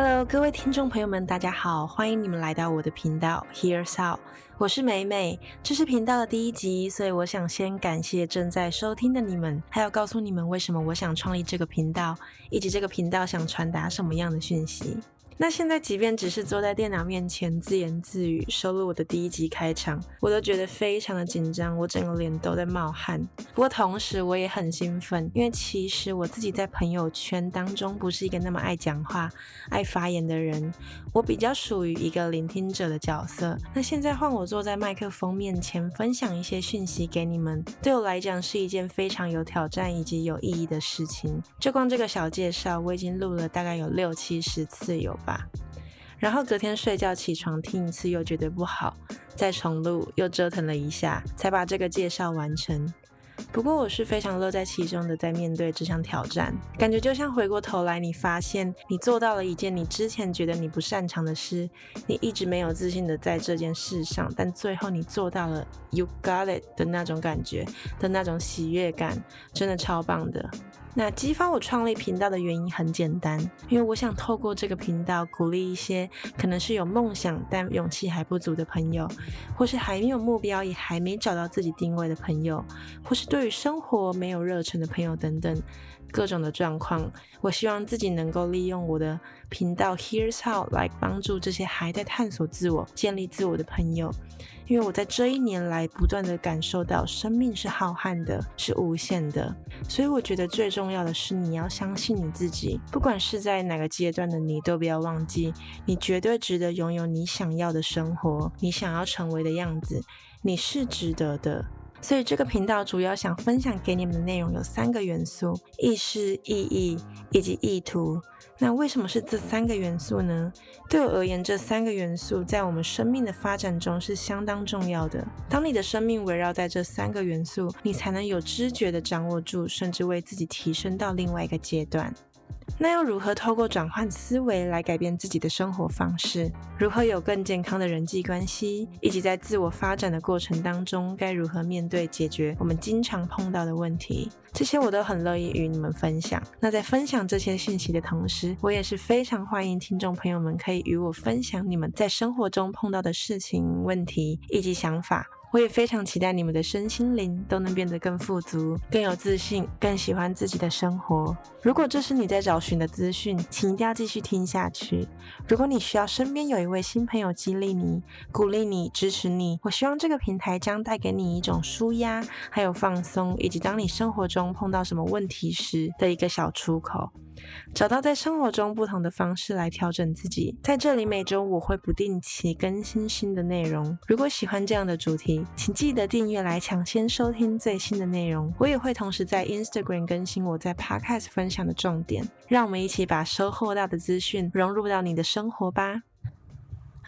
Hello，各位聽眾朋友們，大家好，歡迎你們來到我的頻道 Here's How，我是美美。這是頻道的第一集，所以我想先感謝正在收聽的你們，還要告訴你們為什麼我想創立這個頻道，以及這個頻道想傳達什麼樣的訊息。那現在，即便只是坐在電腦面前自言自語，收錄我的第一集開場，我都覺得非常的緊張，我整個臉都在冒汗。不過同時我也很興奮，因為其實我自己在朋友圈當中不是一個那麼愛講話、愛發言的人，我比較屬於一個聆聽者的角色。那現在換我坐在麥克風面前，分享一些訊息給你們，對我來講是一件非常有挑戰以及有意義的事情。就光這個小介紹，我已經錄了大概有六七十次有。然後隔天睡覺起床聽一次又覺得不好，再重錄，又折騰了一下，才把這個介紹完成。不過我是非常樂在其中的，在面對這項挑戰，感覺就像回過頭來，你發現你做到了一件你之前覺得你不擅長的事，你一直沒有自信的在這件事上，但最後你做到了，you got it 的那種感覺的那種喜悅感，真的超棒的。那激發我創立頻道的原因很簡單，因為我想透過這個頻道鼓勵一些可能是有夢想但勇氣還不足的朋友，或是還沒有目標也還沒找到自己定位的朋友，或是對於生活沒有熱忱的朋友等等。各種的狀況，我希望自己能夠利用我的頻道 Here's How 來幫助這些還在探索自我、建立自我的朋友，因為我在這一年來不斷地感受到生命是浩瀚的，是無限的，所以我覺得最重要的是你要相信你自己，不管是在哪個階段的你，都不要忘記，你絕對值得擁有你想要的生活，你想要成為的樣子，你是值得的。所以這個頻道主要想分享給你們的內容有三個元素：意識、意義以及意圖。那為什麼是這三個元素呢？對我而言，這三個元素在我們生命的發展中是相當重要的。當你的生命圍繞在這三個元素，你才能有知覺地掌握住，甚至為自己提升到另外一個階段。那要如何透過轉換思維來改變自己的生活方式？如何有更健康的人際關係？以及在自我發展的過程當中，該如何面對解決我們經常碰到的問題？這些我都很樂意與你們分享。那在分享這些訊息的同時，我也是非常歡迎聽眾朋友們可以與我分享你們在生活中碰到的事情、問題以及想法。我也非常期待你們的身心靈都能變得更富足、更有自信、更喜歡自己的生活。如果這是你在找尋的資訊，請一定要繼續聽下去。如果你需要身邊有一位新朋友激勵你、鼓勵你、支持你，我希望這個平台將帶給你一種舒壓、還有放鬆，以及當你生活中碰到什麼問題時的一個小出口。找到在生活中不同的方式來調整自己。在這裡，每周我會不定期更新新的內容。如果喜歡這樣的主題，請記得訂閱來搶先收聽最新的內容。我也會同時在 Instagram 更新我在 Podcast 分享的重點。讓我們一起把收穫到的資訊融入到你的生活吧。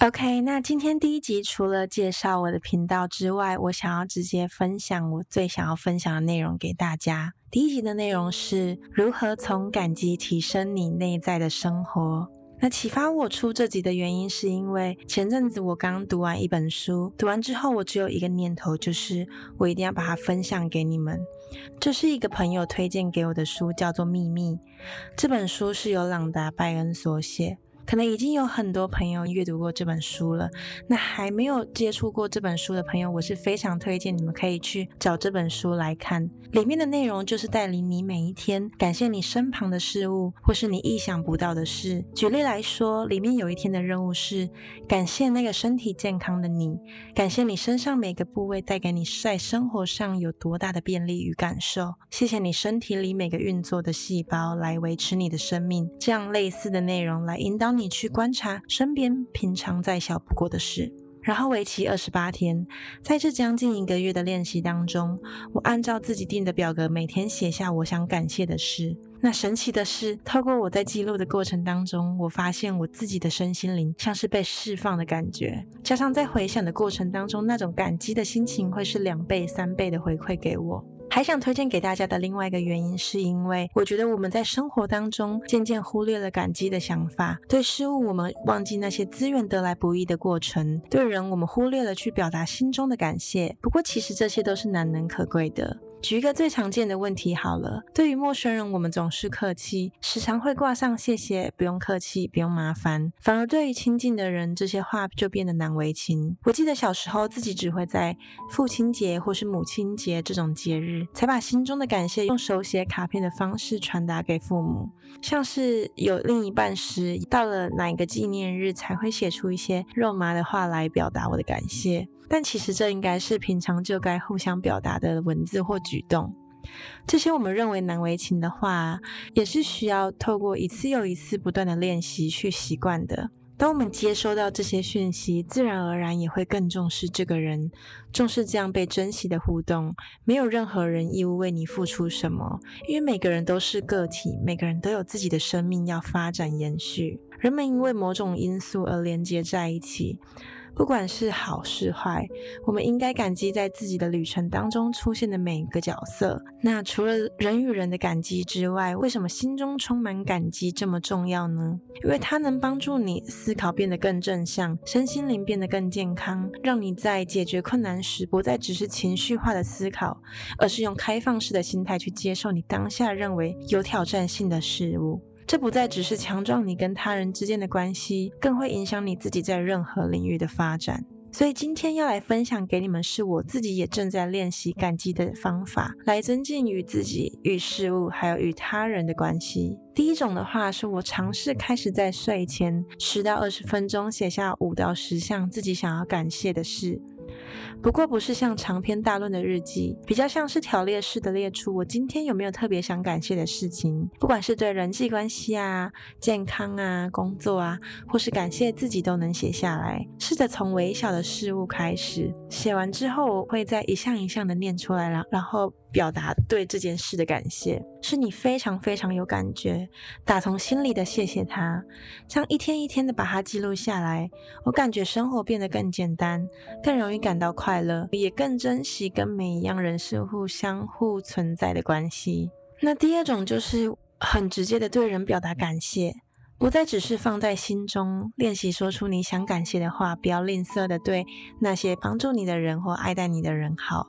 OK，那今天第一集除了介紹我的頻道之外，我想要直接分享我最想要分享的內容給大家。第一集的內容是如何從感激提升你內在的生活。那啟發我出這集的原因是因為前陣子我剛讀完一本書，讀完之後我只有一個念頭，就是我一定要把它分享給你們。這是一個朋友推薦給我的書，叫做《秘密》。這本書是由朗達·拜恩所寫。可能已經有很多朋友閱讀過這本書了，那還沒有接觸過這本書的朋友，我是非常推薦你們可以去找這本書來看。裡面的內容就是帶領你每一天感謝你身旁的事物，或是你意想不到的事。舉例來說，裡面有一天的任務是感謝那個身體健康的你，感謝你身上每個部位帶給你在生活上有多大的便利與感受，謝謝你身體裡每個運作的細胞來維持你的生命。這樣類似的內容來引導。你去觀察身邊平常再小不過的事，然後為期二十八天，在這將近一個月的練習當中，我按照自己定的表格，每天寫下我想感謝的事。那神奇的是，透過我在記錄的過程當中，我發現我自己的身心靈像是被釋放的感覺，加上在回想的過程當中，那種感激的心情會是兩倍、三倍的回饋給我。還想推薦給大家的另外一個原因，是因為我覺得我們在生活當中漸漸忽略了感激的想法。對事物，我們忘記那些資源得來不易的過程；對人，我們忽略了去表達心中的感謝。不過，其實這些都是難能可貴的。舉一個最常見的問題好了。對於陌生人，我們總是客氣，時常會掛上謝謝、不用客氣、不用麻煩。反而對於親近的人，這些話就變得難為情。我記得小時候自己只會在父親節或是母親節這種節日，才把心中的感謝用手寫卡片的方式傳達給父母。像是有另一半時，到了哪一個紀念日，才會寫出一些肉麻的話來表達我的感謝。但其實這應該是平常就該互相表達的文字或舉動。這些我們認為難為情的話，也是需要透過一次又一次不斷的練習去習慣的。當我們接收到這些訊息，自然而然也會更重視這個人，重視這樣被珍惜的互動。沒有任何人義務為你付出什麼，因為每個人都是個體，每個人都有自己的生命要發展延續。人們因為某種因素而連接在一起。不管是好是壞，我們應該感激在自己的旅程當中出現的每一個角色。那除了人與人的感激之外，為什麼心中充滿感激這麼重要呢？因為它能幫助你思考變得更正向，身心靈變得更健康，讓你在解決困難時不再只是情緒化的思考，而是用開放式的心態去接受你當下認為有挑戰性的事物。這不再只是強壯你跟他人之間的關係，更會影響你自己在任何領域的發展。所以今天要來分享給你們，是我自己也正在練習感激的方法，來增進與自己、與事物還有與他人的關係。第一種的話，是我嘗試開始在睡前十到二十分鐘寫下五到十項自己想要感謝的事。不過不是像長篇大論的日記，比較像是條列式的列出我今天有沒有特別想感謝的事情，不管是對人際關係啊、健康啊、工作啊，或是感謝自己都能寫下來。試着從微小的事物開始，寫完之後我會再一項一項的念出來了，然後。表達對這件事的感謝，是你非常非常有感覺，打從心裡的謝謝他，這樣一天一天的把它記錄下來，我感覺生活變得更簡單，更容易感到快樂，也更珍惜跟每一樣人事物相互存在的關係。那第二種就是很直接的對人表達感謝。不再只是放在心中，練習說出你想感謝的話，不要吝嗇地對那些幫助你的人或愛戴你的人好，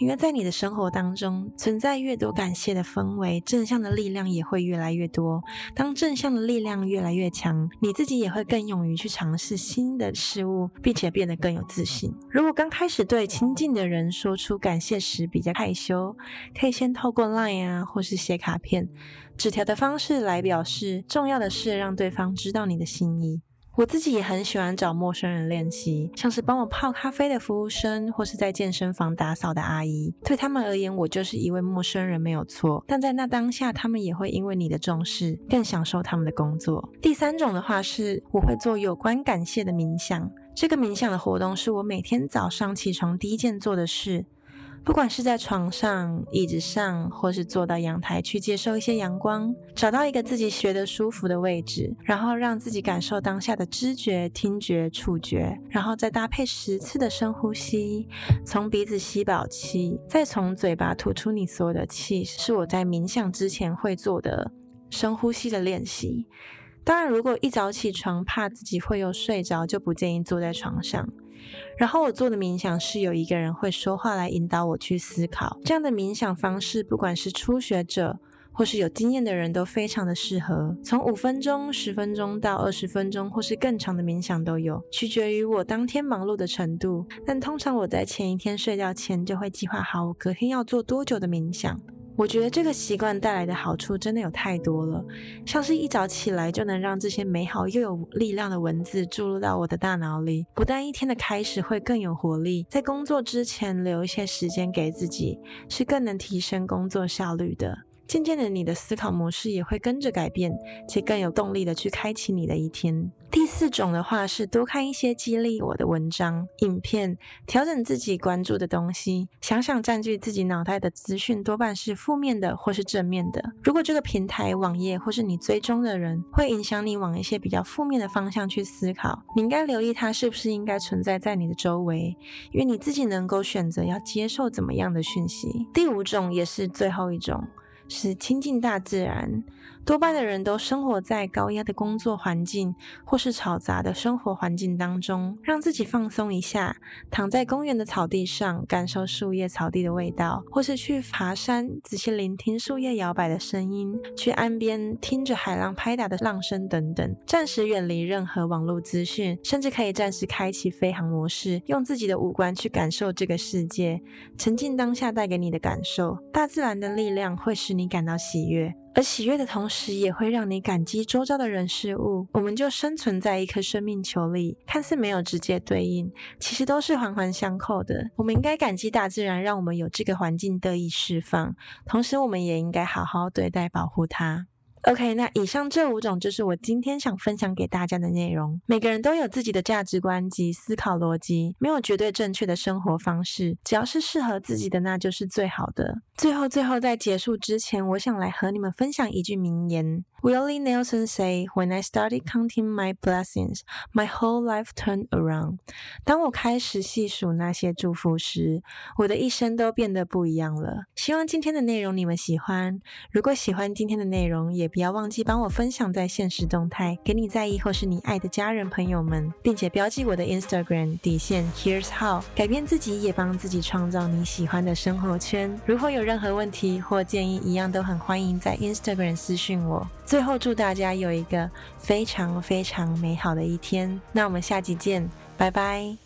因為在你的生活當中存在越多感謝的氛圍，正向的力量也會越來越多。當正向的力量越來越強，你自己也會更勇於去嘗試新的事物，並且變得更有自信。如果剛開始對親近的人說出感謝時比較害羞，可以先透過 Line 啊或是寫卡片。紙條的方式來表示，重要的是，讓對方知道你的心意。我自己也很喜歡找陌生人練習，像是幫我泡咖啡的服務生，或是在健身房打掃的阿姨。對他們而言，我就是一位陌生人，沒有錯。但在那當下，他們也會因為你的重視，更享受他們的工作。第三種的話是，我會做有關感謝的冥想。這個冥想的活動是我每天早上起床第一件做的事。不管是在床上、椅子上，或是坐到陽台去接受一些陽光，找到一個自己覺得舒服的位置，然後讓自己感受當下的知覺、聽覺、觸覺，然後再搭配十次的深呼吸，從鼻子吸飽氣，再從嘴巴吐出你所有的氣，是我在冥想之前會做的深呼吸的練習。當然，如果一早起床怕自己會又睡着，就不建議坐在床上。然後我做的冥想是有一個人會說話來引導我去思考，這樣的冥想方式，不管是初學者或是有經驗的人都非常的適合。從五分鐘、十分鐘到二十分鐘，或是更長的冥想都有，取決於我當天忙碌的程度。但通常我在前一天睡覺前就會計劃好，我隔天要做多久的冥想。我覺得這個習慣帶來的好處真的有太多了，像是一早起來就能讓這些美好又有力量的文字注入到我的大腦裡，不但一天的開始會更有活力，在工作之前留一些時間給自己，是更能提升工作效率的。漸漸的，你的思考模式也會跟着改變，且更有動力的去開啟你的一天。第四種的話是多看一些激勵我的文章、影片，調整自己關注的東西，想想占據自己腦袋的資訊多半是負面的或是正面的。如果這個平台、網頁或是你追蹤的人會影響你往一些比較負面的方向去思考，你應該留意它是不是應該存在在你的周圍，因為你自己能夠選擇要接受怎麼樣的訊息。第五種也是最後一種。是親近大自然。多半的人都生活在高壓的工作環境或是吵雜的生活環境當中，讓自己放鬆一下，躺在公園的草地上，感受樹葉、草地的味道，或是去爬山，仔細聆聽樹葉搖擺的聲音，去岸邊聽着海浪拍打的浪聲等等，暫時遠離任何網絡資訊，甚至可以暫時開啟飛航模式，用自己的五官去感受這個世界，沉浸當下帶給你的感受。大自然的力量會使你感到喜悅，而喜悅的同時，也會讓你感激周遭的人事物。我們就生存在一顆生命球裡，看似沒有直接對應，其實都是環環相扣的。我們應該感激大自然，讓我們有這個環境得以釋放，同時我們也應該好好對待、保護它。OK，那以上這五種就是我今天想分享給大家的內容。每個人都有自己的價值觀及思考邏輯，沒有絕對正確的生活方式，只要是適合自己的，那就是最好的。最後，最後在結束之前，我想來和你們分享一句名言。Willie Nelson say, "When I started counting my blessings, my whole life turned around." 當我開始細數那些祝福時，我的一生都變得不一樣了。希望今天的內容你們喜歡。如果喜歡今天的內容，也不要忘記幫我分享在限時動態，給你在意或是你愛的家人朋友們，並且標記我的 Instagram 底線。Here's how 改變自己，也幫自己創造你喜歡的生活圈。如果有任何問題或建議，一樣都很歡迎在 Instagram 私訊我。最後，祝大家有一個非常非常美好的一天。那我們下集見，拜拜。